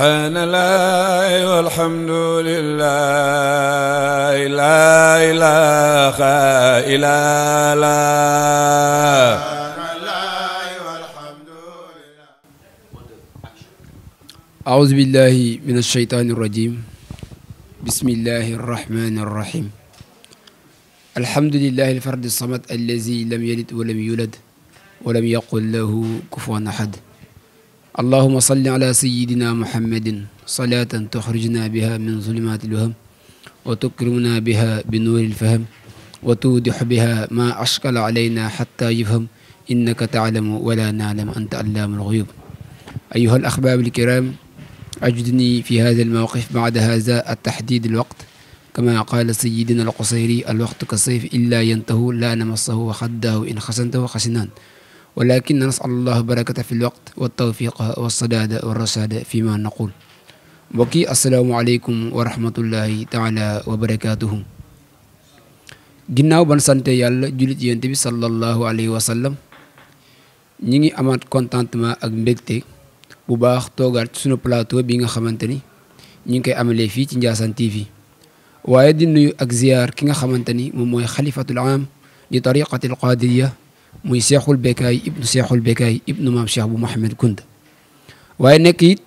سبحان الله والحمد لله لا إله إلا الله أعوذ بالله من الشيطان الرجيم بسم الله الرحمن الرحيم الحمد لله الفرد الصمد الذي لم يلد ولم يولد ولم يقل له كفوا أحد اللهم صل على سيدنا محمد صلاة تخرجنا بها من ظلمات الوهم وتكرمنا بها بنور الفهم وتوضح بها ما أشكل علينا حتى يفهم إنك تعلم ولا نعلم أنت علام الغيوب أيها الأخباب الكرام أجدني في هذا الموقف بعد هذا التحديد الوقت كما قال سيدنا القصيري الوقت كالسيف إلا ينته لا نمسه وخده إن خسنته خسنان ولكن نسأل الله بركة في الوقت والتوفيق والصداد والرصاد فيما نقول بقي السلام عليكم ورحمة الله تعالى وبركاته جناو بن سنتي يالله جلت ينتبه صلى الله عليه وسلم نيجي أمات كونتانت ما أجمدتي بباخ توغار تسنو بلاتو بيغا خمانتني نيجي كي أملي في تنجاسان تيفي وايدي نيو أكزيار كيغا خمانتني مموي خليفة العام لطريقة القادرية muy seexul bekkaay ibnu seexul bekkaay ibnu maam cheikh bu Mouhamed Kounta waaye nekk it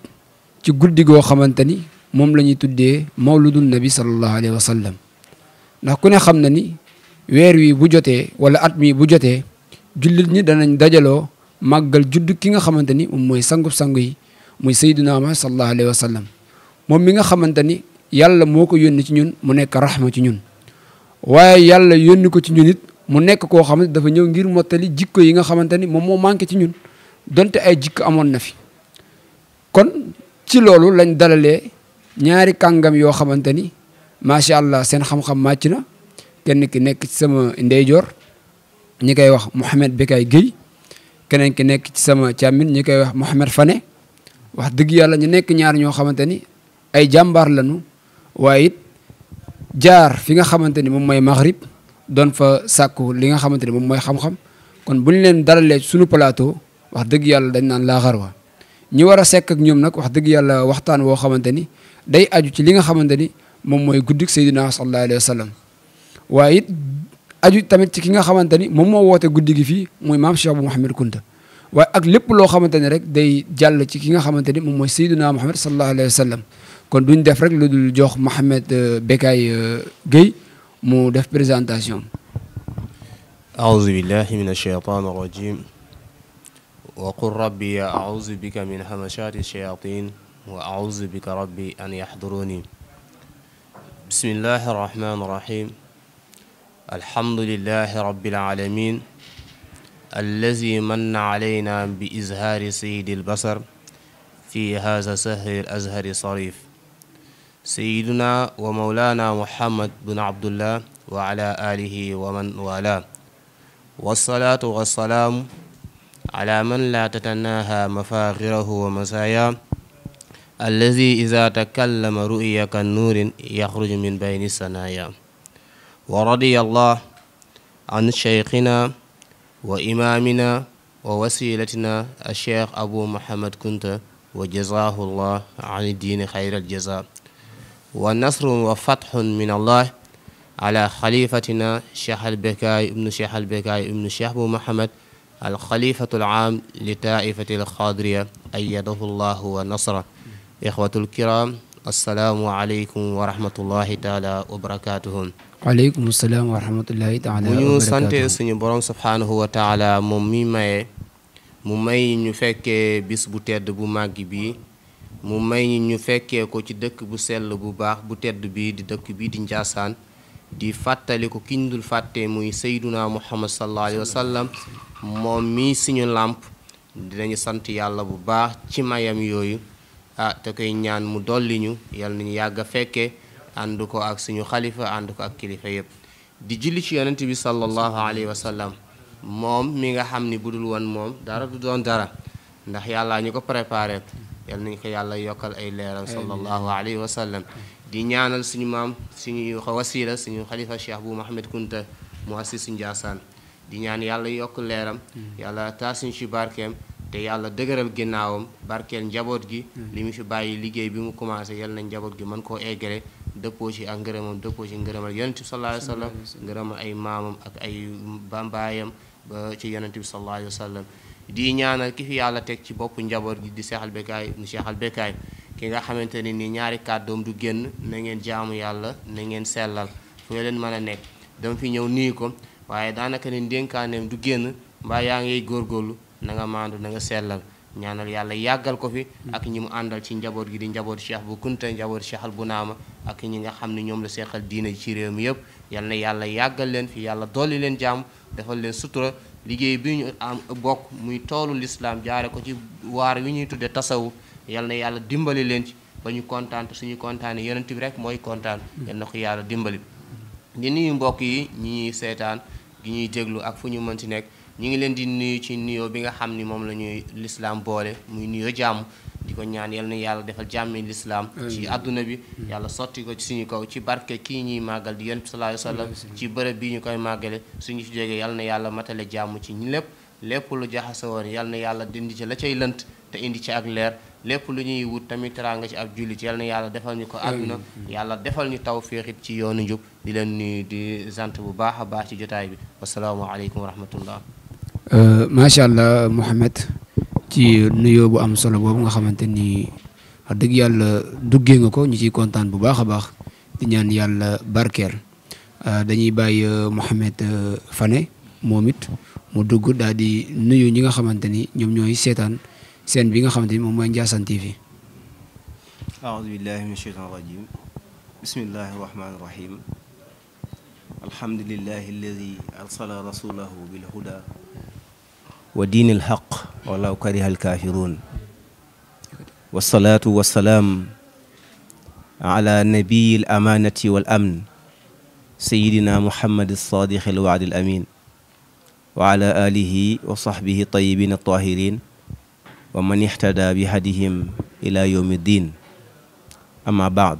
ci guddi goo xamante ni moom la ñuy tuddee mawludun nabi sallallahu alayhi wa sallam ndax ku ne xam na ni weer wi bu jotee wala at mi bu jotee jullit ñi danañ dajaloo màggal judd ki nga xamante ni moom mooy sangu-sangu yi muy sayyiduna ma sallallahu alayhi wa sallam moom mi nga xamante ni yàlla moo ko yónni ci ñun mu nekk rahma ci ñun waaye yàlla yónni ko ci ñun mu nek ko xamne dafa ñew ngir motali jikko yi nga xamanteni mom mo manke ci ñun donte ay jikko amon na fi kon ci lolu lañ nyari ñaari kangam yo xamanteni ma sha allah seen xam-xam màcc na kenn ki nek ci sama ndeyjoor ñi kay wax Mouhamed Bekay geey kenen ki nek ci sama chamine ñi kay wax mohammed Fane wax deug yalla ñu nek ñaar ño xamanteni ay jambar lañu waaye jaar fi nga xamanteni mom moom maghrib don fa sàkku li nga xamante ne moom mooy xam kon bu ñu leen dalalee suñu plateau wax dëgg yàlla dañ naan laa xarwa ñi war a sekk ak ñoom nag wax dëgg yàlla waxtaan woo xamante ni day aju ci li nga xamante ni moom mooy guddik Seydina sallallahu alayhi wa sallam waaye it aju tamit ki nga xamante ni moom moo woote guddi gi fii mooy maam Cheikh bu Mouhamed Kunta waaye ak lépp loo xamante ni rek day jàll ci ki nga xamante ni moom mooy Seydina Mouhamed sallallahu alayhi wa sallam kon duñ def rek lu dul jox Mouhamed euh, Bekay euh, Guèye mu برزانتاسيون أعوذ بالله من الشيطان الرجيم وقل ربي أعوذ بك من همشات الشياطين وأعوذ بك ربي أن يحضروني بسم الله الرحمن الرحيم الحمد لله رب العالمين الذي من علينا بإزهار سيد البصر في هذا سهر الأزهر صريف سيدنا ومولانا محمد بن عبد الله وعلى آله ومن والاه والصلاة والسلام على من لا تتناهى مفاخره ومزاياه الذي إذا تكلم رؤيا كالنور يخرج من بين السنايا ورضي الله عن شيخنا وإمامنا ووسيلتنا الشيخ أبو محمد كنت وجزاه الله عن الدين خير الجزاء ونصر وفتح من الله على خليفتنا شيخ البكاي ابن شيخ البكاي ابن شيخ أبو محمد الخليفة العام لطائفة الخاضرية أيده الله ونصره إخوة الكرام السلام عليكم ورحمة الله تعالى وبركاته عليكم السلام ورحمة الله تعالى وبركاته ñu sante suñu borom subhaanahu wa taala moom mi maye mu may ñu mu may ñi ñu fekkee ko ci dëkk bu sell bu baax bu tedd bii di dëkk bii di njaasaan di fàttali ko kiñ fàtte muy sayduna muhammad sallallahu alayhi wa sallam moom mii suñu làmp dinañu sant yàlla bu baax ci mayam yooyu ah te koy ñaan mu dolli ñu yàlla nañu yàgg a fekkee ànd ko ak suñu xalifa ànd ko ak kilifa yépp di julli ci yonent bi sallallahu alayhi moom mi nga xam ni bu dul woon moom dara du doon dara ndax yàlla ñu ko préparé yal nañ ko yàlla yokkal ay leeram sallallahu alayhi wa sallam di ñaanal suñu maam suñu wasila suñu xalifa cheikh bu Mohamed Kunta muassis Ndiassane di ñaan yàlla yokk leeram yàlla taasuñ ci barkeem te yàlla dëgëral ginnaawam barkeel njaboot gi li mu fi bàyyi liggéey bi mu commencé yal na njaboot gi mën koo eggale dëppoo ci ak ngërëmam dëppoo ci ngërëmal yonent bi sallallahu sallam ngërëmal ay maamam ak ay bambaayam ba ci yonent bi sallallahu sallam di ñaanal ki fi yàlla teg ci boppu njaboot gi di seexal Al mu Cheikh Al ki nga xamante ne ni ñaari kàddoom du génn na ngeen jaamu yàlla na ngeen sellal foo leen mën a nekk dama fi ñëw nii ko waaye daanaka ne ndénkaaneem du génn mbaa yaa ngay góorgóorlu na nga maandu na nga sellal ñaanal yàlla yàggal ko fi ak ñi mu àndal ci njaboot gi di njaboot cheikh bu kunta njaboot cheikh al bunaama ak ñi nga xam ne ñoom la seexal diina ci réew mi yëpp yal yàlla yàggal leen fi yàlla dolli leen liggéey bi ñu am bokk muy toolu lislaam jaare ko ci waar wi ñuy tudde tasawu yal na yàlla dimbali leen ci ba ñu kontaan te suñu kontaane yonent bi rek mooy kontaan yal na ko yàlla dimbali di nuyu mbokk yi ñi ñuy seetaan gi ñuy déglu ak fu ñu mën ci nekk ñu ngi leen di nuyu ci nuyo bi nga xam ni moom la ñuy lislaam boole muy nuyoo jàmm di ko ñaan yal na yàlla defal jàmmi lislaam ci àdduna bi yàlla sotti ko ci suñu kaw ci barke kii ñuy màggal di yonent bi sallallahu ci bërëb bi ñu koy màggale suñu fi jógee na yàlla matale jàmm ci ñi lépp lépp lu jaxase woon yal na yàlla dindi ci la cay lënt te indi ci ak leer lépp lu ñuy wut tamit teraanga ci ab jullit yal yàlla defal ñu ko àdduna yàlla defal ñu taw féexit ci yoonu njub di leen nuyu di sant bu baax a baax ci jotaay bi wasalaamaaleykum wa Euh, macha allah Mouhamed ci nuyoo bu am solo boobu nga xamante ni wax dëgg yàlla duggee nga ko ñu ci kontaan bu baax a baax di ñaan yàlla barkeel euh, dañuy bàyyi euh, Mouhamed Fane moom mu dugg daal di nuyu ñi nga xamante ni ñoom ñooy seetaan seen bi nga xamante ni moom mooy Ndiassane TV. aoudu billahi min sheytan rajim bismillahi ودين الحق ولو كره الكافرون والصلاة والسلام على نبي الأمانة والأمن سيدنا محمد الصادق الوعد الأمين وعلى آله وصحبه الطيبين الطاهرين ومن اهتدى بهديهم إلى يوم الدين أما بعد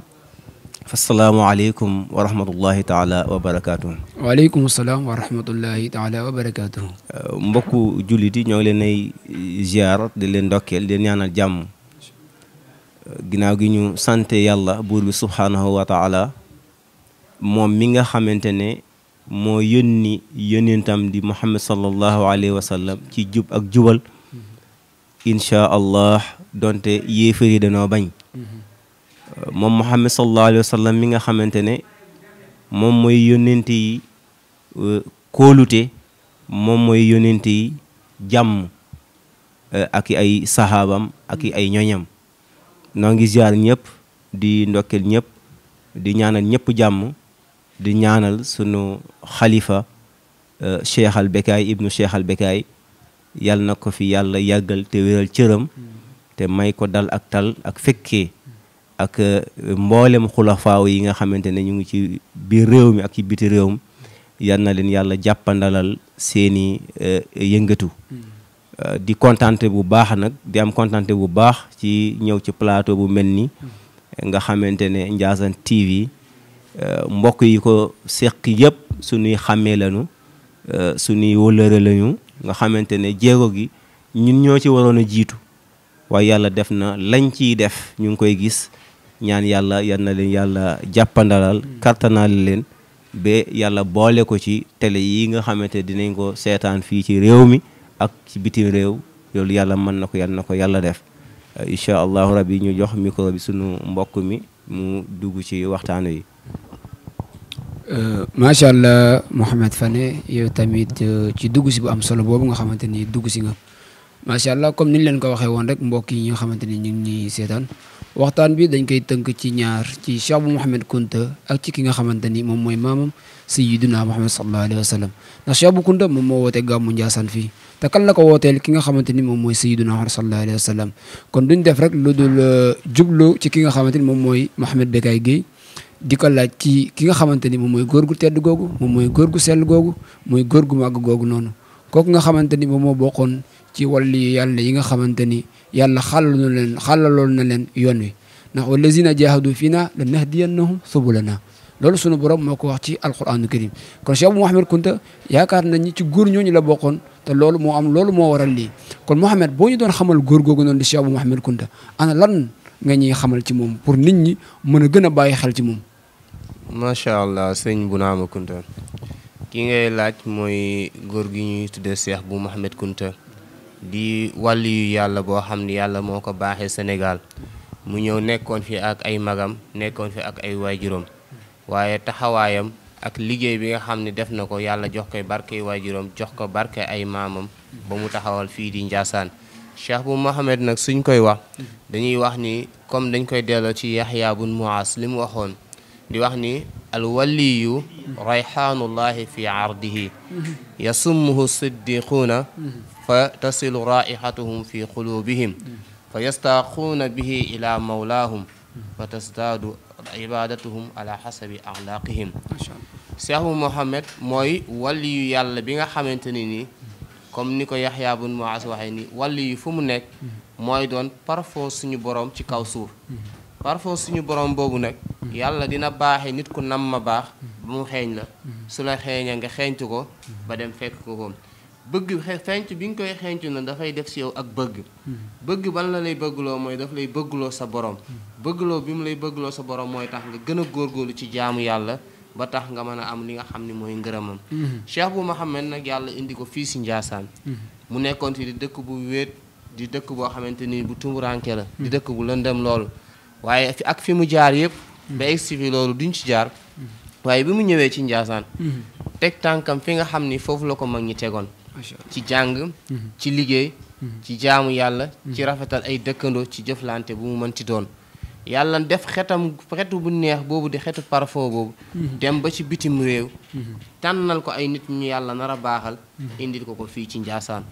asalaamaaleykum wa rahmatullahi taala wa barakaatu. waaleykum salaam wa rahmatullahi taala wa barakaatu. Uh, mbokku jullit yi ñoo ngi leen ay ziar di leen ndokkeel di leen ñaanal jàmm uh, gi ñu sante yàlla buur bi subhaanahu wa taala moom mi nga xamante ne moo yónni yónnentam di Muhammad sallallahu alayhi wa sallam ci jub ak jubal mm-hmm. incha allah donte yéefar yi danoo bañ. Mm-hmm. moom Muhammad sallallahu alayhi wa sallam mi nga xamante ne moom mooy yónnent yi euh, moom mooy yónnent yi jàmm euh, ak ay sahaabam ak ay ñoñam noo ngi ziar ñëpp di ndokkeel ñëpp di ñaanal ñëpp jàmm di ñaanal sunu xalifa euh, Cheikh al Bekaay ibnu Cheikh al Bekaay yàlla na ko fi yàlla yàggal te wéral cëram te may ko dal ak tal ak fekkee ak euh, mboolem xulafaaw yi nga xamante ne ñu ngi ci biir réew mi ak ci biti réew mi yal na leen yàlla jàppandalal seeni euh, yëngatu. Euh, di kontante bu baax nag di am kontante bu baax ci ñëw ci plateau bu mel ni nga xamante ne Ndiassane TV mbokk yi ko seq yëpp suñuy xàmmee lañu suñuy wëllëre lañu nga xamante ne jéego gi ñun ñoo ci waroon a jiitu waaye yàlla def na lañ ciy def ñu ngi koy gis. ñaan yàlla yan na leen yàlla jàppandalal hmm. kartanaal leen ba yàlla boole ko ci tele yi nga xamante dinañ ko seetaan fii ci réew mi ak ci bitim réew loolu yàlla mën na ko yal na ko yàlla def euh, incha allahu rabbi ñu jox micro bi sunu mbokk mi mu dugg ci waxtaan wi. Euh, macha allah Mouhamed Fane yow tamit euh, ci dugg si bu am solo boobu nga xamante ni dugg si nga macha allah comme ni leen ko waxee woon rek mbokk yi nga xamante ni ñu ngi ñuy seetaan. waxtaan bi dañ koy tënk ci ñaar ci Cheikh bu Mouhamed Kunta ak ci ki nga xamante ni moom mooy maamam sayyiduna Muhammad sallallahu alayhi wa sallam ndax Cheikh bu Kunta moom moo woote gàmmu Ndiassane fii te kan la ko wooteel ki nga xamante ni moom mooy sayyiduna Muhammad sallallahu alayhi wa sallam kon duñ def rek lu dul euh, jublu ci ki nga xamante ni moom mooy Mouhamed Becaye Gueye di ko laaj ci ki nga xamante ni moom mooy góor gu tedd googu moom mooy góor gu sell googu mooy góor gu màgg googu noonu kooku nga xamante ni moom moo ci wàllu yàlla yi nga xamante ni يلا خللوا لنا لن يوني نحو الذين جاهدوا فينا لنهدينهم سبلنا لولو سونو بروم مكو واخ القران الكريم كون شيخ محمد كنت ياكار نني تي غور نيو ني لا بوكون تا لولو مو ام لولو مو ورال لي كون محمد بو ني دون خمال غور غوغو نون دي شيخ محمد كنت انا لان غني خمال تي موم بور نيت ني مانا غنا باي خال تي موم ما شاء الله سيغ بو نام كنت كي غاي لاج موي غور غي ني تودي شيخ بو محمد كنت di wàllu yàlla boo xam ni yàlla moo ko baaxee senegal mu ñëw nekkoon fi ak ay magam nekkoon fi ak ay waajuram waaye taxawaayam ak liggéey bi nga xam ne def na ko yàlla jox koy barke waajuram jox ko barke ay maamam ba mu taxawal fii di Njaasaan Cheikh bu Mohamed nag suñ koy wax dañuy wax ni comme dañ koy delloo ci Yaxya bun Muas li mu waxoon di wax ni alwaliyu rayxaanullahi fi ardihi yasummuhu siddiquuna فتصل رائحتهم في قلوبهم فيستاقون به إلى مولاهم فتزداد عبادتهم على حسب أخلاقهم سيحو محمد موي ولي يالا بيغا خامتيني كوم نيكو يحيى بن معاص وحيني ولي فوم موي دون بارفو سيني بوروم سي كاو سور بارفو سيني بوروم بوبو يالا دينا باخي نيت كو نام ما باخ بوم خيغ لا سولا خيغ نغا bëgg xenc bi nga koy xenc na dafay def si yow ak bëgg hmm. bëgg ban la lay bëggloo mooy daf lay bëggloo sa borom hmm. bëggloo bi mu lay bëggloo sa borom mooy tax nga gën a góorgóorlu ci jaamu yàlla ba tax nga mën a am li nga xam ni mooy ngërëmam hmm. Cheikh Bou Mouhamed nag yàlla indi ko fii si Njaasaan mu nekkoon dëkk bu wéet di dëkk boo xamante ni bu tumuranke la di dëkk waaye ak fi mu jaar yëpp ba egsi loolu duñ ci jaar waaye bi mu ñëwee ci Njaasaan teg tànkam fi nga xam ni foofu la ko mag ñi tegoon ci jàng ci liggéey ci jaamu yàlla ci rafetal ay dëkkandoo ci jëflante bu mu mënti doon yàlla def xetam xetu bu neex boobu di xetu parfum boobu dem ba ci bitim réew tànnal ko ay nit ñu yàlla nar a baaxal indil ko ko fii ci njaasaan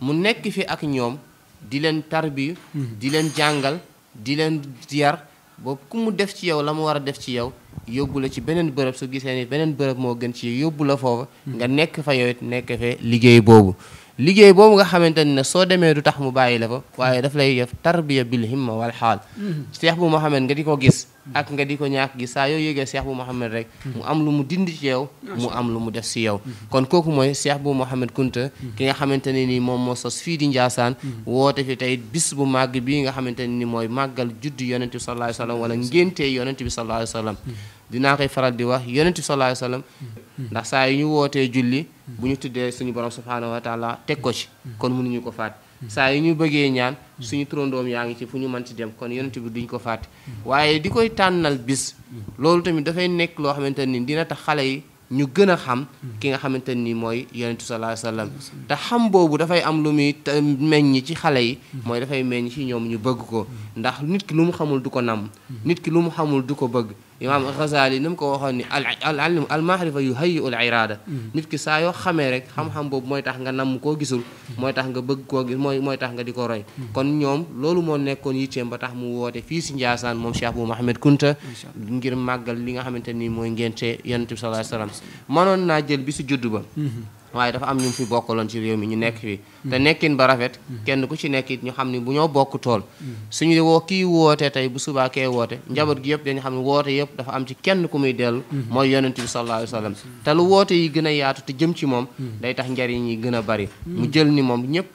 mu nekk fi ak ñoom di leen tarbiyu di leen jàngal di leen yar boobu ku mu def ci yow la mu war a def ci yow yóbbu la ci beneen bërëb su gisee ni beneen bërëb moo gën ci yóbbu la foofa nga nekk fa yow nekk fee liggéey boobu liggéey boobu nga xamante ne soo demee du tax mu bàyyi la ko waaye daf lay def tarbiya bil himma wal xaal seex mm-hmm. bu Muhammad nga di ko gis ak nga di ko ñàkk gis saa yoo yëgee seex bu Muhammad rek mu am lu mu dindi ci yow mu am lu mu def si yow mm-hmm. kon kooku mooy seex bu Muhammad Kunta mm-hmm. ki nga xamante ne nii moom moo sos fii di Njaasaan woote fi tey bis bu màgg bii nga xamante ne ni mooy màggal judd yonente bi sallallahu alayhi wa sallam wala ngéntee yonente bi sallallahu alayhi wa sallam dina koy faral di wax yonent bi sallallahu alayhi wa sallam ndax saa yu ñu wootee julli bu ñu tuddee suñu borom subhaanahu wa taala teg ko ci kon mënuñu ko fàtte saa yu ñu bëggee ñaan suñu turandoom yaa ci fu ñu mënti dem kon yonent bi duñ ko fàtte waaye di koy tanal bis loolu tamit dafay nekk lo xamante ni dina tax xale yi ñu gën a xam ki nga xamante ni mooy yonent bi sallallahu alayhi wa sallam te xam boobu dafay am lu muy meññ ci xale yi mooy dafay meññ ci ñu bëgg ko ndax nit ki lu mu xamul du ko nam nit ki lu mu xamul du ko bëgg imaam Xasaali ni mu ko waxoon ni al alim al maarifa yu hayyu ul iraada nit ki saa yoo xamee rek xam-xam boobu mooy tax nga namm koo gisul mooy tax nga bëgg koo gis mooy mooy tax nga di ko roy kon ñoom loolu moo nekkoon yitteem ba tax mu woote fii si Njaasaan moom Cheikh Bou Mouhamed Kunta ngir màggal li nga xamante ni mooy ngente yonent bi sallallahu alayhi wa sallam mënoon naa jël bi si juddu ba waaye dafa am ñu fi bokkaloon ci réew mi ñu nekk fi te nekkin ba rafet kenn ku ci nekk it ñu xam ne bu ñoo bokk tool suñu woo kii woote tey bu subaa kee woote njaboot gi yëpp dañu xam ne woote yëpp dafa am ci kenn ku muy dellu mooy yonent bi sallallahu alayhi te lu woote yi gën a yaatu te jëm ci moom day tax njariñ yi gën a bari mu jël ni moom ñëpp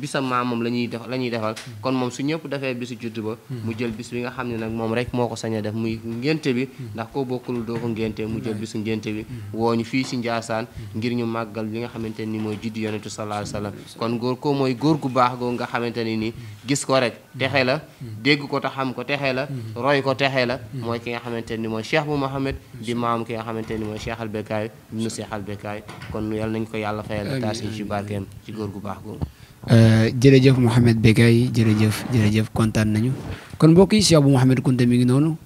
bisa maamam la ñuy def la ñuy defal kon moom su ñëpp dafee bisu judd ba mu jël bis bi nga xam ne nag moom rek moo ko sañ a def muy ngénte bi ndax koo bokkul doo ko ngénte mu jël bisu ngénte bi woo ñu fii ci Njaasaan ngir ñu màggal ragal bi nga xamanteni ni mooy juddu sallallahu alayhi wasallam kon gor ko moy gor gu bax go nga xamanteni ni gis ko rek texe la deg ko ta xam ko texe la roy ko texe la moy ki nga xamanteni ni mooy cheikh bu Mohamed di maam ki nga xamanteni ni mooy cheikh albekay Bekkaay nu cheikh albekay Bekkaay kon yal nañ ko yàlla fayal taas ci barkem ci gor gu bax go jerejeuf mohammed Bekkaay jerejeuf jerejeuf kontaan nañu kon mbokk yi cheikh bu Mohamed mi ngi nonu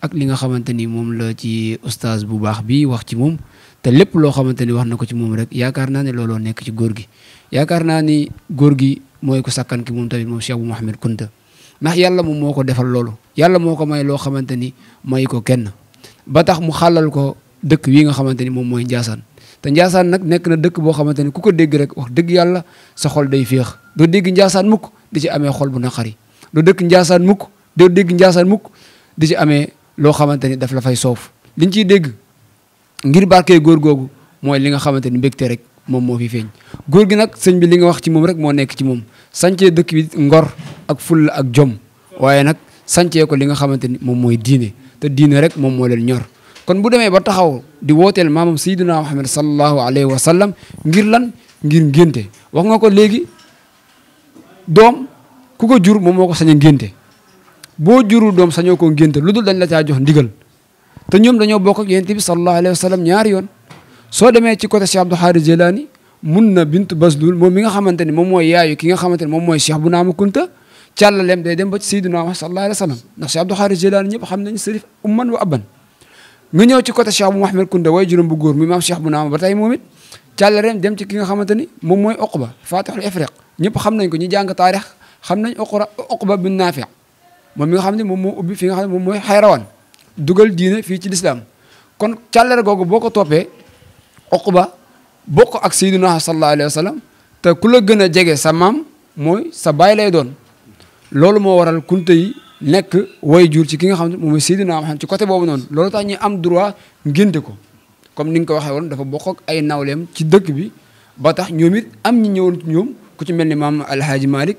ak li nga xamanteni mom la ci oustaz bu bax bi wax ci mom te lépp loo xamante ni wax na ko ci moom rek yaakaar naa ne nekk ci góor gi yaakaar naa góor gi mooy ku sakkan ki moom tamit moom Cheikh bu Mouhamed Kunta ndax yàlla moom moo ko defal loolu yàlla moo ko may loo xamante ni may ko kenn ba tax mu xàllal ko dëkk wi nga xamante ni moom mooy Njaasaan te Njaasaan nag nekk na dëkk boo xamante ni ku ko dégg rek wax dëgg yàlla sa xol day féex doo dégg Njaasaan mukk di ci amee xol bu naqari doo dëkk Njaasaan mukk doo dégg Njaasaan mukk di ci amee loo xamante ni daf la fay soof liñ ciy dégg ngir barkee góor googu mooy li nga xamante ni mbégte rek moom moo fi feeñ góor gi nag sëñ bi li nga wax ci moom rek moo nekk ci moom sancee dëkk bi ngor ak fulla ak jom waaye nag sancee ko li nga xamante ni moom mooy diine te diine rek moom moo leen ñor kon bu demee ba taxaw di wooteel maamam sayyidina Muhammad sallallahu alayhi wa sallam ngir lan ngir ngénte wax nga ko léegi doom ku ko jur moom moo ko sañ ngénte boo jurul doom sañoo ko ngénte lu dul dañ la caa jox ndigal te ñoom dañoo bokk ak yonent bi sallallahu alayhi wa yoon soo demee ci côté Cheikh Abdou Xaadir Jelaani mun bint bintu Baslul moom mi nga xamante ni moom mooy yaayu ki nga xamante ni moom mooy Cheikh bu naama Kunta càllaleem day dem ba ci Seydina Muhammad sallallahu alayhi wa sallam ndax xam nañu sërif umman wa abban ci côté Cheikh bu Mouhamed Kunta way bu góor muy maam Cheikh ba tey moom it càllaleem dem ki nga xamante ni moom mooy Oqba fatihul ifriq ñëpp xam nañ ko ñi jàng taarix xam nañ Oqba bin Naafi moom mi nga xam ne moom moo ubbi fi nga xam ne moom mooy Xayrawaan dugal diine fii ci lislaam kon càllare googu boo ko toppee Uqba bokk ak sayyiduna sallallahu alayhi wa sallam te ku la gën a jege sa maam mooy sa baay lay doon loolu moo waral kunte yi nekk way jur ci ki nga xam ne moom mooy sayyiduna Muhammad ci côté boobu noonu loolu tax ñuy am droit ngénte ko comme ni nga ko waxee woon dafa bokk ay nawleem ci dëkk bi ba tax ñoom it am ñi ñëwoon ñoom ku ci mel ni maam Alhaaji Malick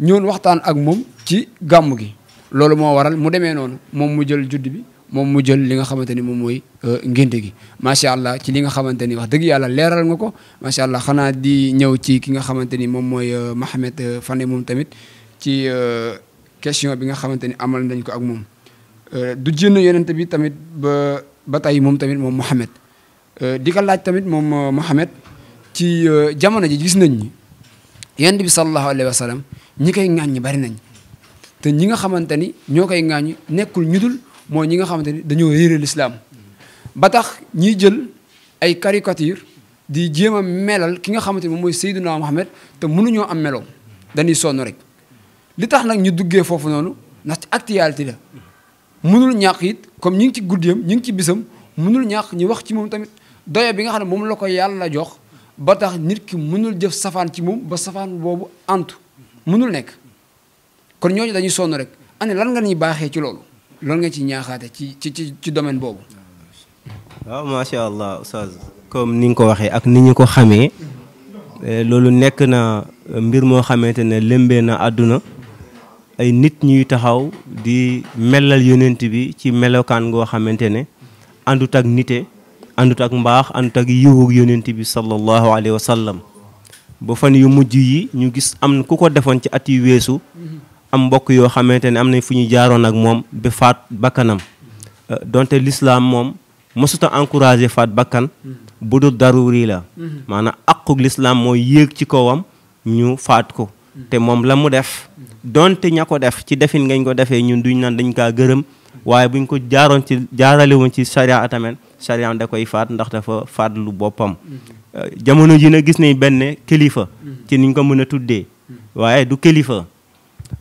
ñëwoon waxtaan ak moom ci gàmm gi loolu moo waral mu demee noonu moom mu jël judd bi mom mu jël li nga xamanteni mom moy euh, ngenté gi ma sha allah ci li nga xamanteni wax deug yalla nga ko sha allah xana di ñew ci ki nga xamanteni mom moy mooy euh, Mahamed euh, Fane mom tamit ci question bi nga xamanteni amal nañ ko ak mom du jënn yonent bi tamit ba batay mom tamit mom Mohamed di ko laaj tamit mom Mohamed ci jamono ji gis nañ ni yonent bi sallallahu alaihi wasallam sallam ñi koy ŋàññi bari nañ te ñi nga xamanteni ñokay mooy ñi nga xamante ni dañoo réere lislaam ba tax ñiy jël ay caricature di jéem a melal ki nga xamante ni moom mooy Seydina Mohamed te mënuñoo am meloom dañuy sonn rek li tax nag ñu duggee foofu noonu ndax ci actualité la mënul ñàkk yit comme ñi ngi ci guddiyam ñi ngi ci bisam mënul ñàkk ñu wax ci moom tamit doya bi nga xam ne moom la ko yàlla jox ba tax nit ki mënul jëf safaan ci moom ba safaan boobu ant mënul nekk kon ñooñu dañuy sonn rek ane lan nga ñuy baaxee ci loolu loolu nga ci ñaaxaate ci ci ci ci domaine boobu. waaw macha allah oustaz comme ni nga ko waxee ak ni ñu ko xamee eh, loolu nekk na mbir moo xamante ne lëmbee na àdduna ay nit ñuy taxaw di melal yonent bi ci melokaan goo xamante ne àndut ak nite àndut ak mbaax àndut ak yiwu yonent bi sallallahu alayhi wa ba fan yu mujj yi ñu gis am ku ko defoon ci at yu weesu am mbokk yoo xamante ne am nañ fu ñu jaaroon ak moom ba faat bakkanam euh, donte lislaam moom mësuta encouragé faat bakkan bu dul daruri la mm-hmm. maanaam aquk lislaam mooy yéeg ci kawam ñu faat ko mm-hmm. te moom la mu def mm-hmm. donte ña ko def ci defin ngañ ko defee ñun duñ naan dañ kaa gërëm waaye buñ ko jaaroon ci jaarale woon ci charia atamen charia da koy faat ndax dafa faat lu boppam euh, jamono ji na gis nañ benn kilifa ci niñ ko mën a tuddee waaye du kilifa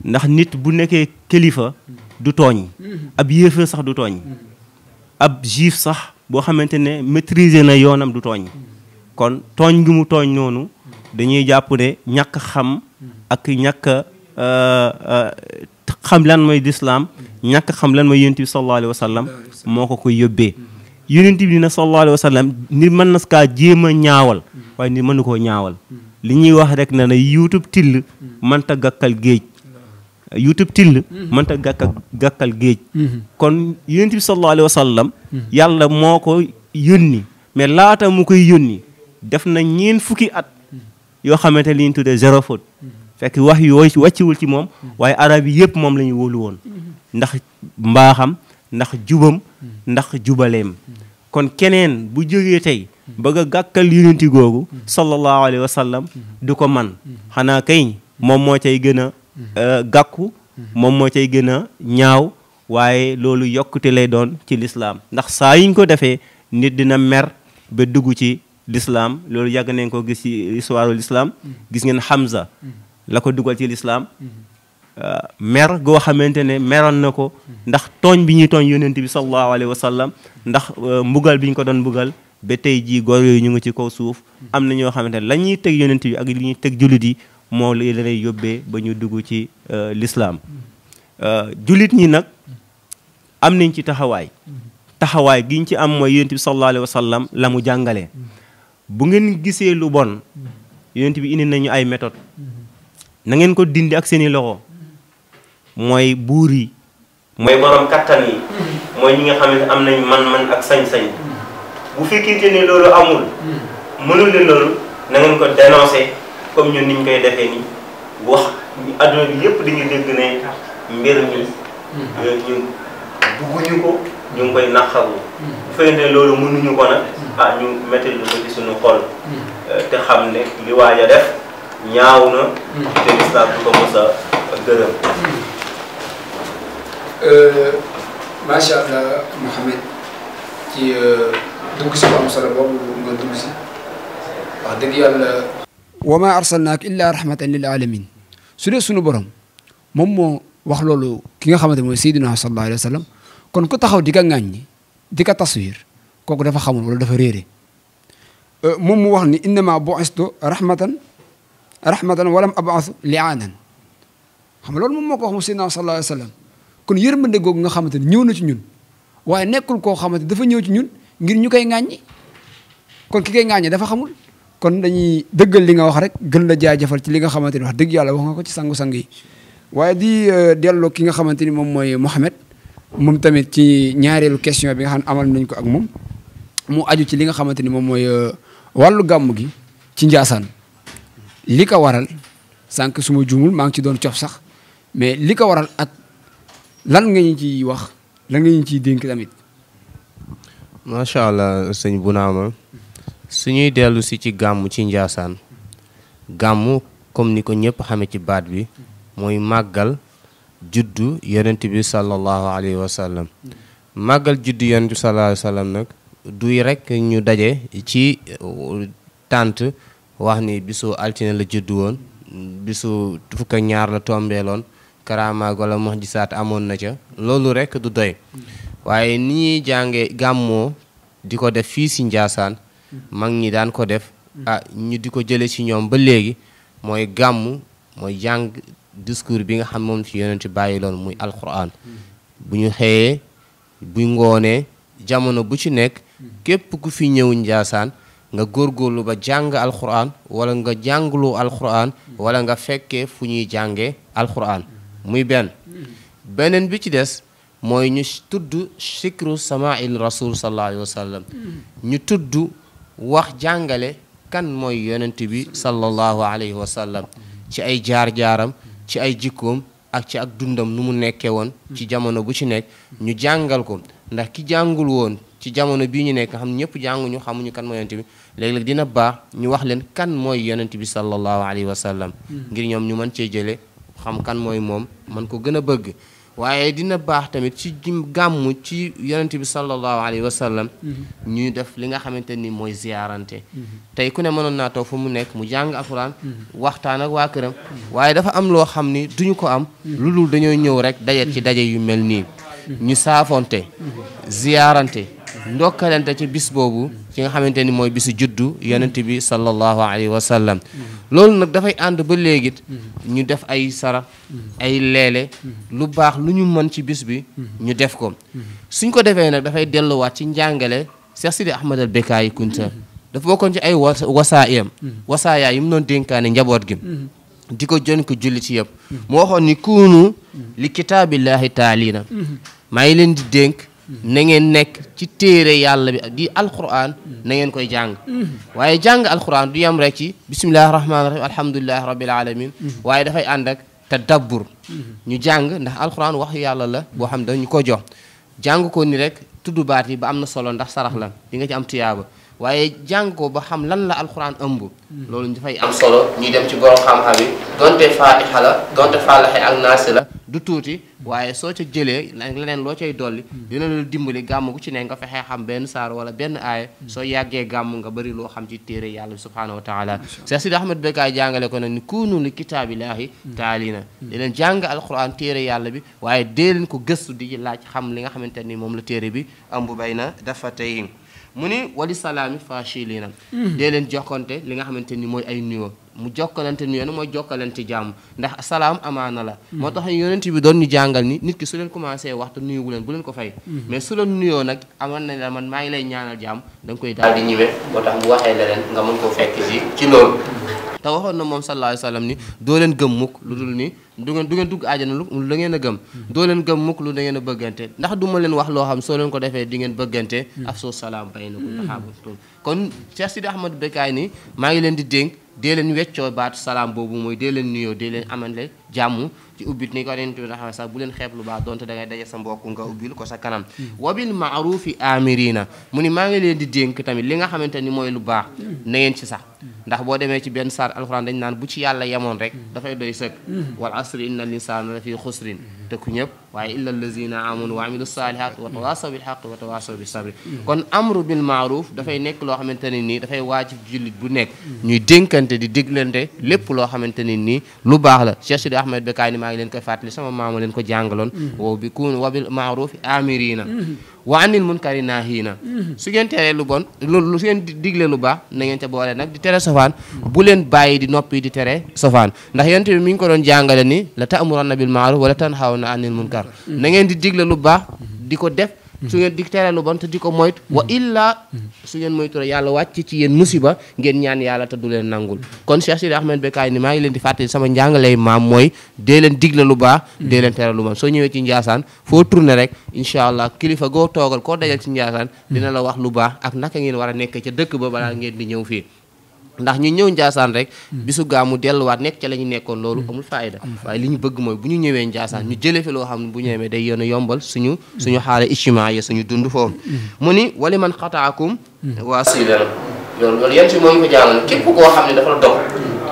ndax nit bu nekkee kilifa du tooñ ab yéefar sax du tooñ ab juif sax boo xamante ne maîtriser na yoonam du tooñ kon tooñ gi mu tooñ noonu dañuy jàpp ne ñakk xam ak ñàkk euh, euh, xam lan mooy lislaam ñàkk xam lan mooy yonent bi sallallahu alayhi moo ko koy yóbbee yonent bi na sallallahu alayhi wa sallam nit mën na kaa jéem a ñaawal waaye nit mënu koo ñaawal li ñuy wax rek na ne yuutub till mënta gàkkal géej youtube till mhm. mënta gàkkal gàkkal géej mhm. kon yonent bi sallallahu alayhi mhm. yàlla moo ko yónni mais laata mu koy yónni def na ñeen fukki at yoo xamante li ñu tuddee zéro fekk wax yooyu wàcciwul ci moom waaye arab yi yëpp moom la ñu wóolu woon ndax mbaaxam ndax jubam ndax jubaleem kon keneen bu jógee tey bëgg a gàkkal yonent googu sallallahu alayhi wa du ko man xanaa kay moom moo cay gën Euh, gàkku moom moo cay gën a ñaaw waaye loolu yokkute lay doon ci lislaam ndax saa yiñ ko defee nit dina mer ba dugg ci lislaam loolu yàgg nañ ko gis ci histoire lislaam gis ngeen Hamza la ko dugal ci lislaam euh, mer goo xamante ne meroon na ko ndax tooñ bi ñuy tooñ yonent bi sallallahu alayhi wa sallam ndax euh, mbugal bi ñu ko doon mbugal ba tey jii góor yooyu ñu ngi ci kaw suuf am na ñoo xamante ne la ñuy teg yonent bi ak li ñuy teg jullit yi moo li lay yóbbee ba ñu dugg ci euh, lislaam euh, jullit ñi nag am nañ ci taxawaay taxawaay gi ñu ci am mooy yonent bi sallallahu alayhi la mu jàngalee bu ngeen gisee lu bon yonent bi indi nañu ay méthode na ngeen ko dindi ak seeni loxo mooy buur yi mooy borom kattan yi mooy ñi nga xam ne am nañ man-man ak sañ-sañ bu fekkente ne loolu amul mënul ne loolu na ko dénoncé comme ñun niñ koy defee nii wax adduna bi yëpp dañuy dégg ne mbir mi. Hmm. Euh, ñun bugguñu ko ñu ngi koy naqarlu. Hmm. bu fekkee ne loolu mënuñu ko nag. Hmm. Ah, ñu métti lu ko ci suñu xol. Euh, te xam ne li waaj a def ñaaw na. te lislaam du ko mos a gërëm. Euh, macha allah ci dugg si bu am boobu nga dugg si wax dëgg yàlla. وما أرسلناك إلا رحمة للعالمين سوري سونو بروم مومو واخ لولو كيغا خامت مو سيدنا صلى الله عليه وسلم كون كو تاخاو ديكا غاني ديكا تصوير كوكو دافا خامول ولا دافا ريري أه، مومو واخ ني انما بعثت رحمة رحمة ولم أبعث لعانا خام لول مومو كو سيدنا صلى الله عليه وسلم كون يرمند غوغ غا خامت نيو نا سي نيون واي نيكول كو خامت دافا نيو سي نيون غير ني كاي غاني كون كيغا غاني kon dañuy deugal li nga wax rek gën la jaajeufal ci li nga xamanteni ni wax deug yalla wax nga ko ci sangu sangi waye di euh, delo ki nga xamanteni ni moy mohammed mom tamit ci ñaareelu question bi nga xam amal nañ ko ak mom mu aju ci li nga xamanteni ni moy walu euh, wàllu gi ci njaasan li ka waral sànq jumul ma ngi ci doon ciof sax mais li ka waral ak lan nga ñi ci wax lan nga ñi ci denk tamit. allah suñuy dellu si ci gàmmu ci njaasaan gàmmu comme ni ko ñëpp xame ci baat bi mooy màggal juddu yonent bi sallallahu alayhi wa màggal juddu yonent bi sallallahu alayhi nag duy rekk ñu daje ci uh, tànt wax ni bisu altine la juddu woon bisu fukk ñaar la tombeeloon karaamaag wala muxjisaat amoon na ca loolu rekk du doy mm. waaye ni ñuy jànge gàmmoo di ko def fii ci njaasaan mag ñi daan ko def mm. ah ñu di ko jële ci ñoom ba léegi mooy gàmm mooy jàng discours bi nga xam moom ci yonent bàyyi loon muy alquran mm. bu ñu xëyee buy ngoonee jamono bu ci nekk mm. képp ku fi ñëw njaasaan nga góor góorlu ba jàng alxuraan wala nga jàngalu alquran wala nga fekkee fu ñuy jàngee alxuraan muy benn beneen bi ci des mooy ñu tudd sikru samail rasul sallallahu alayhi wa ñu tudd wax jàngale kan mooy yonent bi sallallahu alayhi wa sallam ci ay jaar-jaaram ci ay jikkoom ak ci ak dundam nu mu nekkee woon ci jamono bu ci nekk ñu jàngal ko ndax ki jàngul woon ci jamono bii ñu nekk nga xam ñëpp jànguñu xamuñu kan mooy yonent bi léeg-léeg dina baax ñu wax leen kan mooy yonent bi sallallahu alayhi wa sallam hmm. ngir ñoom ñu mën cee jële xam kan mooy moom man ko gën a bëgg waaye dina baax tamit ci gàmmu ci yonent bi sallallahu alayhi wa mm-hmm. ñuy def li nga xamante ni mooy ziyaarante mm-hmm. tey ku ne mënoon naa toog fu mu nekk mu jàng alxuraan mm-hmm. waxtaan ak waa këram waaye dafa am loo xam ni duñu ko am lu dul dañoo ñëw rek dajet ci daje yu mel nii ñu saafonte ziyaarante ndokkalante ci bis boobu ci nga xamante ni mooy bisu juddu yonent bi sallallahu alayhi wa sallam loolu nag dafay ànd ba léegit ñu def ay sara ay leele lu baax lu ñu mën ci bis bi ñu def ko suñ ko defee nag dafay delluwaat ci njàngale Cheikh Sidi Ahmad al Bekkaay Kunta dafa bokkoon ci ay wasaayam wasaayaa yi mu doon dénkaane njaboot gi di ko jon ko julli ci yëpp mu waxoon ni kuunu li kitaabillahi taaliina maa leen di dénk na ngeen nekk ci téere yàlla bi di alquran na ngeen koy jàng waaye jàng alquran du yam rek ci bismillahi rahmaani rahim alhamdulilahi rabbil alamin waaye dafay ànd ak tadabbur ñu jàng ndax alquran wax yàlla la boo xam ne dañu ko jox jàng ko ni rek tudd baat yi ba am na solo ndax sarax la di nga ci am tuyaaba waaye jàng ko ba xam lan la alxuraan ëmb. loolu dafay am solo ñuy dem ci borom xam-xam yi donte la donte faalaxe cay dolli. dina la dimbali gàmm gu ci ne nga fexee benn saar wala benn aaya. soo yàggee gàmm nga bëri loo xam ci téere yàlla subhaanahu wa taala. Seex Sidi Ahmed Bekkaay jàngale ko nag ni kuunu li kitaabillaahi hmm. taalina. Hmm. di leen jàng alxuraan téere yàlla bi waaye dee leen ko gëstu di laaj xam li nga xamante ni moom la téere bi ëmb bay na dafa tey mu ni wali salaami faashiliina hmm. dee leen jokkante li nga xamante ni mooy ay nuyoo mu jokkalante nuyoo nag moo jokkalante jàmm ndax salaam amaana la hmm. moo tax yonent bi doon ñu jàngal ni nit ki su leen commencé waxtu nuyuwu leen bu leen ko fay hmm. mais su leen nuyoo nag amoon na la man maa ngi lay ñaanal jàmm da koy daal di ñëwee moo tax bu waxee leneen nga mën ko fekk si ci loolu te waxoon na moom sallallahu alayhi sallam ni doo leen gëm mukk lu dul ni du ngeen du ngeen dugg àjjana lu la ngeen gëm mm-hmm. doo leen gëm mukk lu da ngeen a bëggante ndax duma leen wax loo xam soo leen ko defee di ngeen bëggante mm-hmm. af soo salaam bay na ko xaabatul mm-hmm. kon Cheikh Sidi Ahmadou Bekkaay ni maa ngi leen di dénk dee leen weccoo baat salaam boobu mooy dee leen nuyoo dee leen amale jàmm ci ubbit ni ko yonent na taxawe sax bu leen xeeb lu baax donte da ngay daje sa mbokk nga ubbil ko sa kanam wa bil maarufi na mu ni maa ngi leen di dénk tamit li nga xamante ni mooy lu baax na ngeen ci sax ndax boo demee ci benn saar alxuraan dañ naan bu ci yàlla yemoon rek dafay doy sëkk wal asri inna al na la fi xusrin te ku ñëpp وإلا الذين آمنوا وعملوا الصالحات وتواصوا بالحق وتواصوا بالصبر كون أمر بالمعروف دا فاي نيك لو خامتاني ني دا فاي واجب جوليت بو نيك ني دينكانتي دي ديغلانتي لب لو خامتاني ني لو باخ لا شيخ سيدي احمد بكاني ماغي لين كاي فاتلي سما مامو لين كو جانغالون و بكون وبالمعروف امرينا wa anil munkari na su ngeen teree lu bon lu su ngeen digle lu baax na ngeen ca boole nag di tere sofaan bu leen bàyyi di noppi di tere sofaan ndax yonent bi mi ngi ko doon jàngale ni la ta ta'muranna bil ma'ruf wa la tanhawna anil munkar mm. na ngeen di digle lu baax di ko def su ngeen di tere lu bon te di ko moytu wa illa su ngeen moytu rek yàlla wàcc ci yéen musiba ngeen ñaan yàlla te du leen nangul kon Cheikh Sidi Ahmed Bekkaay ni maa ngi leen di fàttali sama njàngalay maam mooy dee leen digle lu baax dee leen tere lu bon soo ñëwee ci Njaasaan foo tourné rek incha allah kilifa goo toogal koo dajal ci Njaasaan dina la wax lu baax ak naka ngeen war a nekkee ca dëkk ba balaa ngeen di ñëw fii ndax ñu ñëw Njaasaan rek hmm. bisu mu delluwaat nekk ca la ñu nekkoon loolu hmm. amul faayda waaye li ñu bëgg mooy bu ñu ñëwee Njaasaan hmm. ñu jëlee fi loo xam ne bu ñëwee day yoon yombal suñu suñu xaale icima ya suñu dund foofu mu ni wali man xataakum waa si loolu loolu yan si moom ko jàngal képp koo xam ne dafa la dog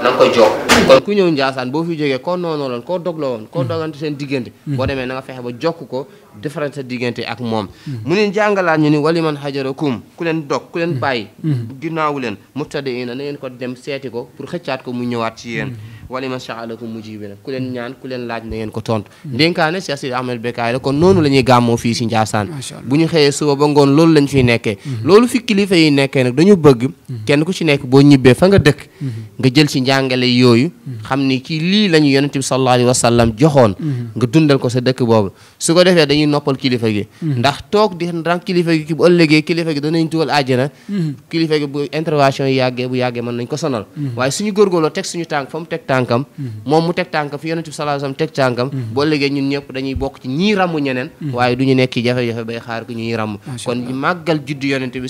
na nga koy jox kon ku ñëw Njaasaan boo fi jógee koo noonu loon koo dog la woon koo dogante seen diggante hmm. boo demee na nga fexe ba jokk ko defarante sa diggante ak moom mu ne jàngalaat ñu ni wali man xajarakum ku leen dog ku leen hmm. bàyyi hmm. ginnaawu leen murtadi ina na ko dem seeti ko pour xëccaat ko mu ñëwaat ci yéen wala man sha'alakum mujibi na ku leen ñaan ku leen laaj na ngeen ko tontu. ndénkaane Cheikh Sidi Ahmed Bekkaay la kon noonu la ñuy fii si Ndiassane bu ñu xëyee suba ba ngoon loolu lañ fiy nekkee mhm. loolu fi kilifa yi nekkee nag dañu bëgg mhm. kenn ku ci nekk boo ñibbee fa nga dëkk mhm. nga jël si njàngale yooyu xam ni ci lii la ñu yonent bi sallallahu alayhi wa sallam joxoon nga dundal ko sa dëkk boobu su ko defee dañuy noppal kilifa gi ndax toog di ran kilifa gi bu ëllëgee kilifa gi danañ dugal àjjana kilifa gi bu intervention yi yàggee bu yàggee mën nañ tankam mom mhm. mu tek tànkam fi yonentou sallallahu salaa wasallam tek tankam mhm. bo legge ñun ñep dañuy bok ci ñi ramu ñeneen mhm. waye duñu nekk jafé jafé bay xaar ko ñi ramu kon ñu magal jiddu yonentou bi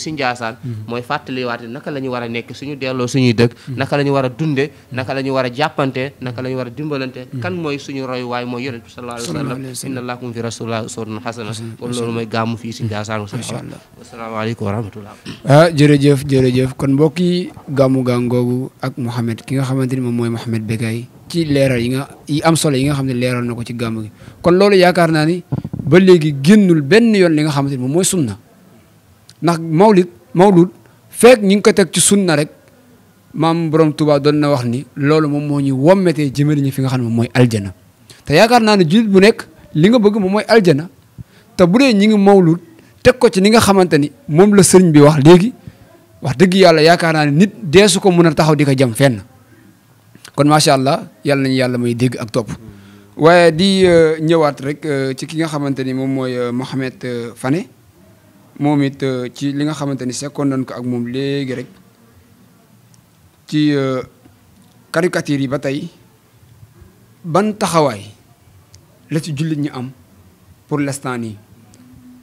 moy fatali naka lañu wara nekk suñu delo kan suñu dekk naka lañu wara dundé dunde naka lañu wara jappanté naka lañu wara dimbalanté kan moy suñu roy waye moy yonentou sallallahu salaa wasallam inna lakum fi rasulillah uswatun hasana kon loolu mooy gàmmu fii wa rahmatullah ah jere kon mbokki gamu gangogu ak mohammed ki nga xamanteni mom moy mohammed bégaay ci leral yi nga yi am solo yi nga xam leral nako ci gamu kon lolu yaakar na ni ba legi gennul ben yon li nga xamante mo moy sunna nak maulid maulud fek ñing ko tek ci sunna rek mam borom tuba don na wax ni lolu mom moo ñu wommetee jëmale fi nga xam moy aljana te yaakar na ni julit bu nek li nga bëgg moom moy aljana te bu de ñi ngi maulud tek ko ci ni nga xamanteni ni la sëriñ bi wax legi wax deug yalla yaakar na ni nit desu ko mëna taxaw di ko jam fenn kon macha allah yàlla nañu yàlla may dégg ak topp. waaye di euh, ñëwaat rek euh, ci ki nga xamante ni moom mooy euh, Mohamed Fane moom it ci li nga xamante ni sekkoon nañ ko ak moom léegi rek ci caricature yi ba tey ban taxawaay la ci jullit ñu am pour l'instant nii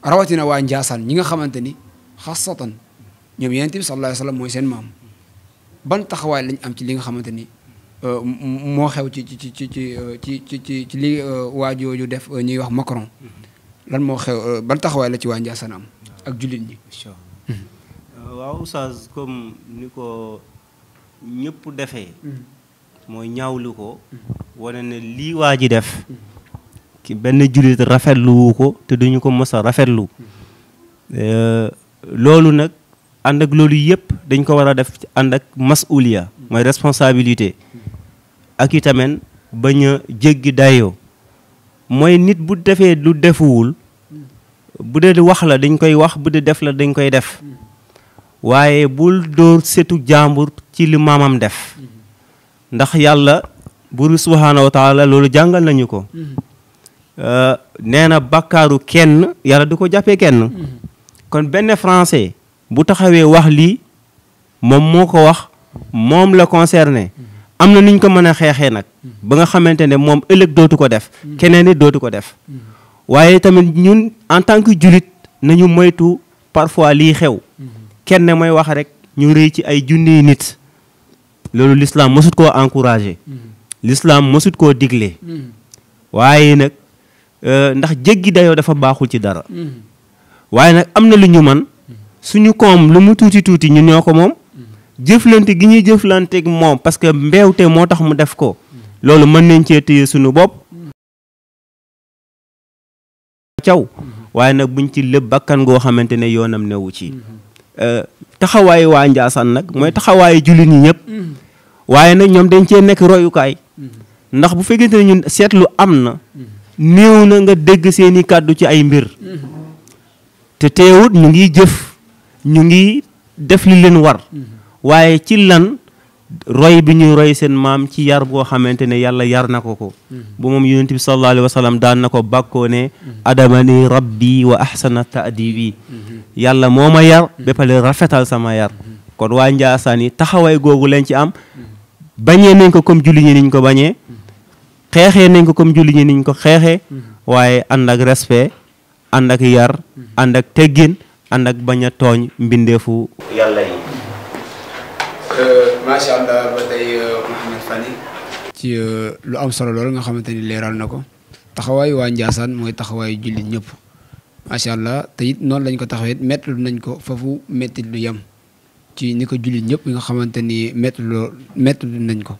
rawatina waa Njaasaan ñi nga xamante ni xasatan ñoom Yonent bi sallallahu alayhi wa mooy seen maam ban taxawaay lañ am ci li nga xamante ni. Euh, moo xew ci ci ci ci ci euh, ci ci ci li euh, waa jooju def ñuy wax Macron mm-hmm. lan moo xew ban taxawaay la ci waa ak jullit ñi. Mm-hmm. waaw oustaz comme ni ko ñëpp defee. Mm-hmm. mooy ñaawlu ko. wane ne lii waa ji def. ki benn jullit rafetluwu ko te duñu ko mos a rafetlu. loolu nag ànd ak loolu yëpp dañ ko war a def ànd ak masuliya mooy responsabilité. ak itamit bañ a jéggi dayoo mooy nit bu defee lu defuwul bu dee wax la dañ koy wax bu dee def la dañ koy def waaye bul dóor setu jàmbur ci li maamam def ndax yàlla buur bi subhaanahu loolu jàngal nañu ko euh, nee na bàkkaaru kenn yàlla du ko jàppee kenn kon benn français bu taxawee wax lii moom moo ko wax moom la concerné am na nuñ ko mën a xeexee nag mm. ba nga xamante ne moom ëllëg dootu ko def mm. keneen it dootu ko def mm. waaye tamit ñun en tant que jullit nañu moytu parfois lii xew mm-hmm. kenn mooy wax rek ñu rëy ci ay junniy nit loolu l'islam mësut koo encouragé mm-hmm. l'islam mësut koo digle mm-hmm. waaye nag euh, ndax jéggi dayoo dafa baaxul ci dara waaye nag am na lu ñu man suñu koom lu mu tuuti tuuti ñun ñoo ko moom jëflante gi ñuy jëflanteek moom parce que mbeewte moo tax mu def ko loolu mën nañ cee téye suñu bopp caw waaye nag buñ ci lépp bakkan goo xamante ne yoonam newu ci euh, taxawaayu waa Njaasaan nag mooy taxawaayu jullit ñi ñëpp waaye nag ñoom dañ cee nekk royukaay ndax bu fekkente te ñu seetlu am na néew na nga dégg seeni kàddu ci ay mbir te teewut ñu ngi jëf ñu ngi def li leen war waaye ci lan roy bi ñuy roy seen maam ci yar boo xamante ne yàlla yar na ko ko bu moom yonent bi sallallahu daan na ko bàkkoo ne adamani rabbi wa ahsana taadibi yàlla moo ma yar ba rafetal sama yar kon waa Njaasaan yi taxawaay googu leen ci am bañee nañ ko comme julli ñi ko bañee xeexee nañ ko comme julli ñi niñ ko xeexee waaye ànd ak respect ànd ak yar ànd ak teggin ànd ak bañ tooñ mbindeefu macha allah ba tey euh, Mouhamed Fani. ci euh, lu am solo lool nga xamante ni leeral na ko taxawaayu waa Ndiassane mooy taxawaayu jullit ñëpp macha allah te it noonu lañ ko taxawee métti nañ ko foofu métti lu yem ci ni ko jullit ñëpp nga xamante ni métti loo nañ ko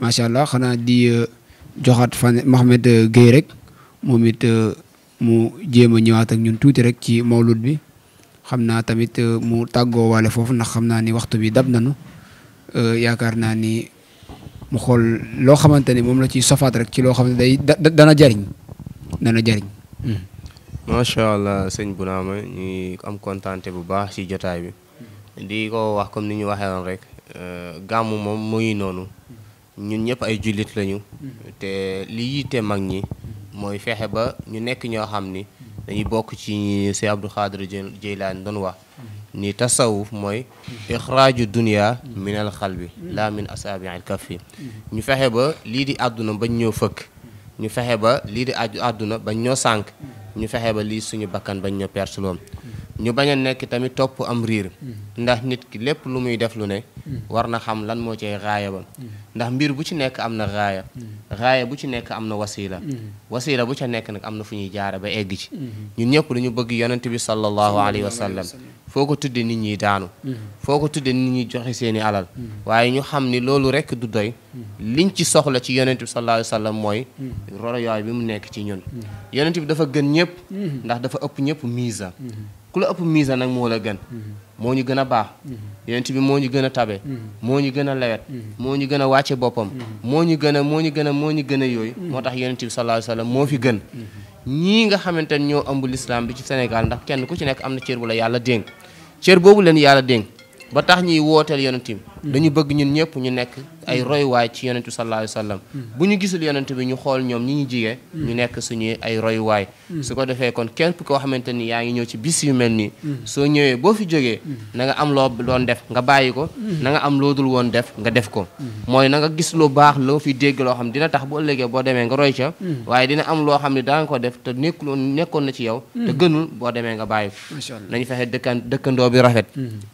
macha allah xanaa di euh, joxaat Fane Mouhamed Gueye rek moom it mu jéem a ñëwaat ak ñun tuuti rek ci mawlud bi xam naa tamit mu tàggoo waale foofu ndax xam naa ni waxtu bi dab nañu. Euh, yaakaar naa ni mu xool loo xamante ni moom la ciy sofaat rek ci loo xam ne day dana jariñ dana jariñ hmm. macha allah sëñ Bounama ñu am kontaante bu baax ci jotaay bi di ko wax comme ni ñu waxee woon rek euh, gàmmu moom muy noonu ñun ñëpp ay jullit lañu te li yitte mag ñi mooy fexe ba ñu nekk ñoo xam ni dañuy bokk ci Sëñ Abdou Khadre Jeylaani doon wax ni tasawuf moy ikhraju dunya min al khalbi la min asabi al kaffi ñu fexe ba li di aduna bañ ñoo fëkk ñu fexe ba li di aduna àdduna bañ ñoo sànk ñu fexe ba li suñu bakkan bañ ñoo persuloom ñu bañ a nekk tamit topp am riir mm-hmm. ndax nit ki lépp lu muy def lu ne mm-hmm. war na xam lan moo cay raaya ba mm-hmm. ndax mbir bu ci nekk am na raaya raaya bu ci nekk am na wasila wasila bu ca nekk nag am na fu ñuy jaare ba egg ci ñun ñëpp ñu bëgg yonent bi sallallahu alayhi wa foo ko tudde nit ñi daanu foo ko tudde nit ñi joxe seeni alal waaye ñu xam ni loolu rekk du doy liñ ci soxla ci yonent bi sallallahu alayhi wa sallam mooy royooy bi mu nekk ci ñun yonent bi dafa gën ñëpp ndax dafa ëpp ñëpp miisa ku la ëpp mise nag moo la gën mm-hmm. moo ñu gën a baax mm-hmm. yonent bi moo ñu gën a tabe mm-hmm. moo ñu gën a lewet moo ñu gën a wàcce boppam moo ñu gën a moo ñu gën a moo ñu gën a yooyu moo tax yonent bi sallallahu alayhi wa moo fi gën ñii nga xamante ne ñoo ëmb lislaam bi ci Sénégal ndax kenn ku ci nekk am na cër bu la yàlla dénk cër boobu leen yàlla dénk ba tax ñuy wooteel yonent dañu bëgg ñun ñëpp ñu nekk ay mm. royuwaay ci yonentu sallallahu alayhi wa mm. bu ñu gisul yonent bi ñu xool ñoom ñi ñu jigee mm. ñu nekk suñuy ay royuwaay su ko defee kon képp koo xamante ni yaa ngi ñëw ci bis yu mel nii soo ñëwee boo fi jógee na nga am loo doon def nga bàyyi ko na nga am loo dul woon def nga def ko mooy na nga gis lu baax loo fi dégg loo xam dina tax bu ëllëgee boo demee nga roy ca waaye dina am loo xam ne daa nga ko def te nekkul nekkoon na ci yow te gënul boo demee nga bàyyi nañu fexe dëkkan dëkkandoo bi rafet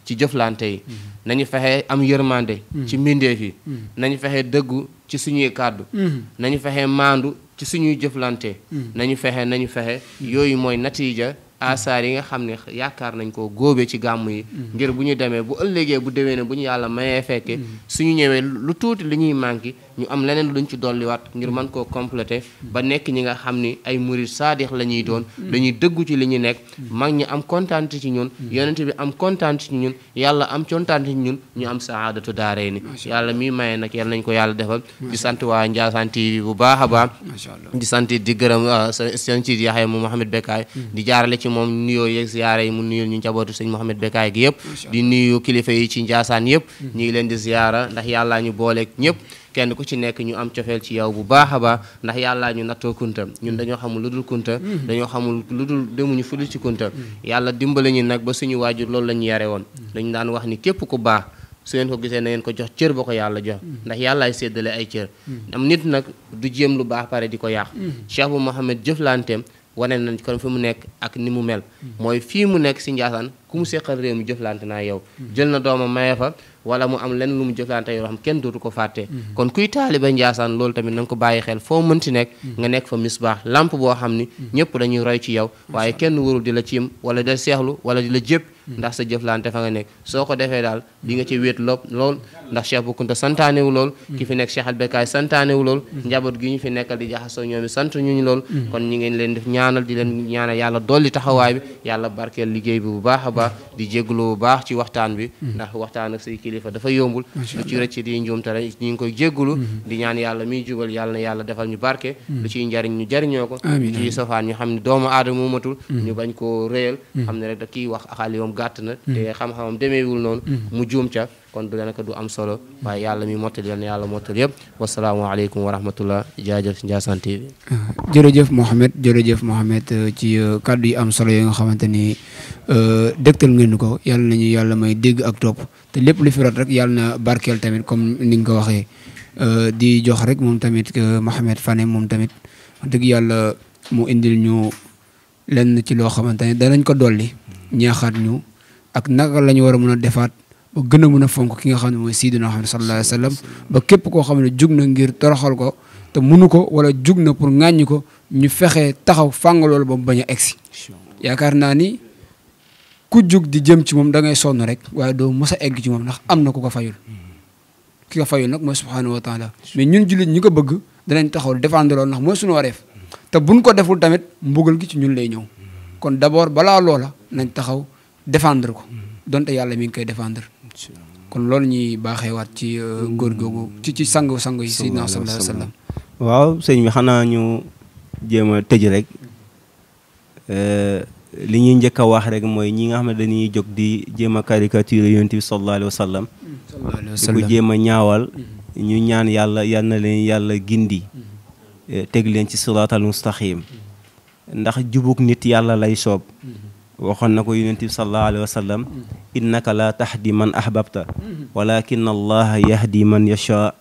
ci jëflante yi nañu fexe am yërmande mm. ci mbindeef yi mm. nañu fexe dëggu ci suñuy kàddu mm. nañu fexe maandu ci suñuy jëflante nañu fexe nañu fexe yooyu mooy natiija asaar yi nga xam ne yaakaar nañ ko góobee ci gàmm yi ngir bu ñu demee bu ëllëgee bu déwénee bu ñu yàlla mayee fekke suñu ñëwee lu tuuti li ñuy manqué ñu am leneen luñ ci dolliwaat ngir man koo complété ba nekk ñi nga xam ni ay murid saadix la ñuy doon mm. dañuy dëggu ci li ñu nekk mm. mag ñi am kontaan ci ñun mm. yonent bi am kontaan ci ñun yàlla am kontaan ci ñun ñu am saadatu daaree ni yàlla mi maye nag yàlla nañ ko yàlla defal di sant waa Ndiassane TV bu baax a baax di santi di gërëm ah, seen ci Yaxya mu Mouhamed Bekkaay di jaarale ci moom nuyoo yeeg ziyaare yi mu nuyul ñu njabootu sëñ Mouhamed Bekkaay gi yëpp di nuyu kilifa yi ci Ndiassane yëpp ñu leen di ndax yàlla ñu booleeg ñëpp kenn ku ci nekk ñu am cofeel ci yow bu baax a baax ndax yàllaa ñu nattoo kunta ñun dañoo xamul lu dul kunta mm-hmm. dañoo xamul lu dul demuñu fu dul ci kunta mm-hmm. yàlla dimbale ñu nag ba suñu waajur loolu la ñu yare woon mm-hmm. dañu daan wax ni képp ku baax su ngeen ko gisee na ngeen ko jox cër ba ko yàlla jox ndax yàllaay séddale ay cër am nit nag du jéem lu baax pare di ko yàq Cheikh bu Mohamed jëflanteem wane nañ kon fi mu nekk ak ni mu mel mooy fi mu nekk si Njaasaan ku mu seqal réew mi na doomam wala mu am lenn lu mu jëflante yoo xam kenn dootu ko fàtte. Mhm. kon kuy taaliba Njaasaan loolu tamit na nga ko bàyyi xel foo mënti nekk. Mhm. nga nekk fa misbaax làmp boo xam ni. Mhm. ñëpp dañuy roy ci yow. waaye kenn warul di la ciim wala di la seexlu wala di la jépp ndax sa jëflante fa nga nekk soo ko defee daal di nga ci wéet lopp lool ndax Cheikh Bou Kounta santaanewu lool ki fi nekk Cheikh Albekaay santaanewu lool mm. njaboot gi ñu fi nekkal di jaxasoo ñoomi sant ñu mm. ñu lool kon ñi ngeen leen def ñaanal di leen ñaanal yàlla dolli taxawaay bi yàlla barkeel liggéey bi bu baax a baax di jégalu bu baax ci waxtaan bi mm. ndax waxtaan ak say kilifa dafa yombul lu ci rëcc di njuum tara ñi ngi koy jégalu mm-hmm. di ñaan yàlla miy jubal yàlla na yàlla defal ñu barke lu ciy njariñ ñu jariñoo ko lu ciy sofaan ñu xam ne doomu aadama moomatul ñu xam gàtt na mm. te xam-xamam demeewul noonu mm. mu juum ca kon du danaka du am solo waaye yàlla mi mottal yal yàlla mottal yëpp wasalaamualeykum wa rahmatullah jaajëf Ndiassane TV ah, jërëjëf Mohamed jërëjëf Mohamed euh, ci euh, kàddu yi am solo yi nga xamante ni euh, dëgtal ngeen ko yàlla nañu yàlla may dégg ak topp te lépp lu fi rek yàlla na barkeel tamit comme ni nga ko waxee di jox rek moom tamit Mohamed Fane moom tamit dëgg yàlla mu indil ñu lenn ci loo xamante ne danañ ko dolli ñaaxaat ñu ak naka lañu wara mëna mën defaat ba gëna mëna fonk ki nga xam moy sayyiduna Muhammad sallallahu Alaihi wasallam ba képp ko xam jugna ngir toroxal ko te munu ko wala jugna na pour ŋàññi ko ñu fexé taxaw fang loolu ba baña exi yaakar na ni ku jug di jëm ci mom da ngay sonu rek waaye do mësa egg ci mom nak am na ku ko fayul ki ko fayul nak moy subhanahu wa taala mais ñun julit ñi ko bëgg danañ taxaw défendre loolu nak mooy suñu waref te buñ ko deful tamit mbugal gi ci ñun lay ñew kon d'abord bala lola nañ taxaw défendre ko mm-hmm. donte yàlla mi ngi koy défendre kon loolu ñuy baaxeewaat ci euh, mm-hmm. góor googu ci ci sangu sangu yi sayyidina sallallahu alayhi wasallam waaw sëñ bi xanaa ñu jéem a tëj rek mm-hmm. euh, li ñuy njëkk a wax rek mooy ñi nga xam ne dañuy jóg di jéem a caricature yonent bi sallallahu jéem a ñaawal ñu ñaan yàlla yal na leen yàlla gindi euh, teg leen ci siraatal mustaqim ndax jubug nit yàlla lay soob waxoon na ko yonent bi sallallahu alayhi wa sallam innaka la tahdi man ahbabta walakin allah yahdi man yasha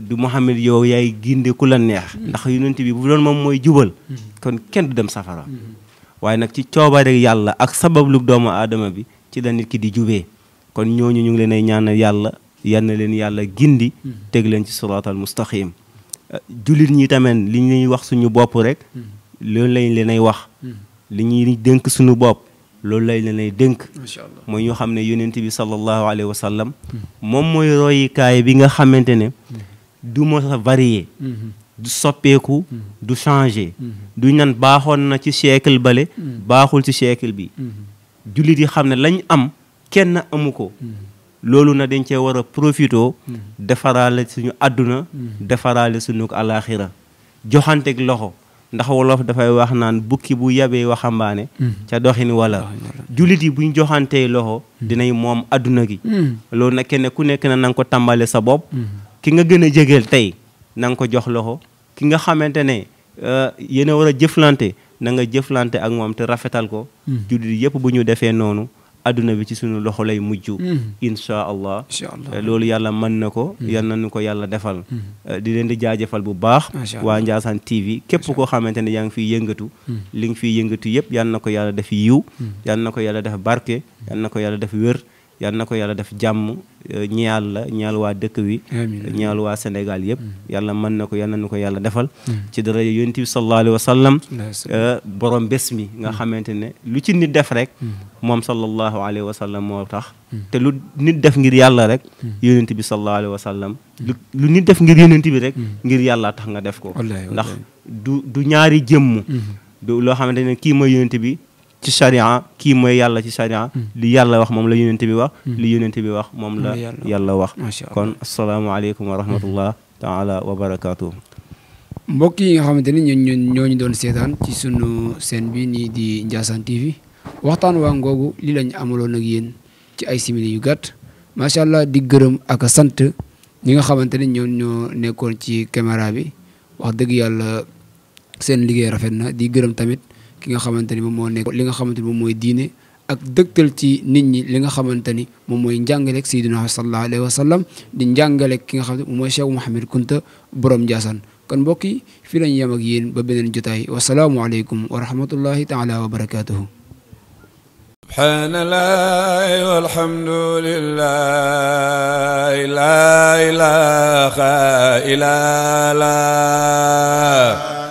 du Muhammad yow yaay ginde ku la neex ndax yonent bi bu doon moom mooy jubal kon kenn du dem safara waaye nag ci coobare yàlla ak sabab lu doomu aadama bi ci la nit ki di jubee kon ñooñu ñu ngi leen ay ñaanal yàlla yal na leen yàlla gindi teg leen ci siraatal mustaqim jullit ñi tamit li ñuy wax suñu bopp rek loolu lañ leen ay wax li ñuy dénk suñu bopp loolu lay leen ay dénk mooy ñu xam ne yonent bi sallallahu alayhi wa sallam moom mooy royikaay bi nga xamante ne du masa varier du soppeeku du changer du ñan baaxoon na ci siècle bale baaxul ci siècle bi jullit yi xam ne lañ am kenn amu ko loolu na dañ cee war a profitoo defaraale suñu àdduna defaraale suñu alaaxira joxanteeg loxo ndax wolof dafay wax naan bukki bu yabee waxambaane hmm. ca doxin wala jullit yi buñ joxantee loxo hmm. dinañ moom adduna gi hmm. loolu nag kenn ku nekk na nanga ko tàmbale sa bopp ki nga gën a jegeel tey na nga ko jox loxo ki nga xamante ne euh, yéen a war a jëflante na nga jëflante ak moom te rafetal ko jullit yëpp bu ñu defee noonu adduna bi ci sunu loxo lay mujj mm-hmm. insha allah eh, loolu yàlla mën na ko mm-hmm. yal nañu ko yàlla defal mm-hmm. eh, di leen di jaajëfal bu baax waa Ndiassane TV képp koo xamante ne yaa ngi fiy yëngatu li nga fiy yëngatu yëpp yal na ko yàlla def yiw ko yàlla def barke na ko yàlla def wér yal na ko yàlla def jàmm ñaal la ñaal waa dëkk wi ñaal waa Sénégal yëpp yàlla mën na ko yal nañu ko yàlla defal ci dara yonent bi sallallahu alayhi wa borom bés nga xamantene lu ci nit def rek mom sallallahu alayhi wa sallam moo tax te lu nit def ngir yàlla rek yonent bi sallallahu alayhi wa sallam lu nit def ngir yonent bi rek ngir yàlla tax nga def ko ndax du du ñaari jëm du lo xamantene ki kii mooy yonent bi ci sharia ki moy yalla ci sharia hmm. li yalla wax mom la yonent bi wax hmm. li yonent bi wax mom la yalla wax kon alaykum wa rahmatullah taala wa barakatuh mbok yi nga xamanteni ni ñun ñoo ñu doon sétan ci sunu sen bi ni di Ndiassane TV waxtan wa ngogu li lañ amulon ak yeen ci ay simili yu ma sha allah di gëreum ak sante ñi nga xamanteni ni ñoo nekkoon ci caméra bi wax deug yalla sen liggéey rafet na di gëreum tamit ki nga xamanteni mom mo nek li nga xamanteni mom moy diine ak deugtal ci nit ñi li nga xamanteni mom moy jangale ak sayyidina sallallahu alayhi wasallam di jangale ki nga xamanteni moy Cheikh Mouhamed Kunta borom jassan kon mbokki fi lañ yam ak yéen ba benen jotaay wa salaamu alaykum wa rahmatullahi taala wa barakatuh سبحان الله والحمد لله لا اله الا الله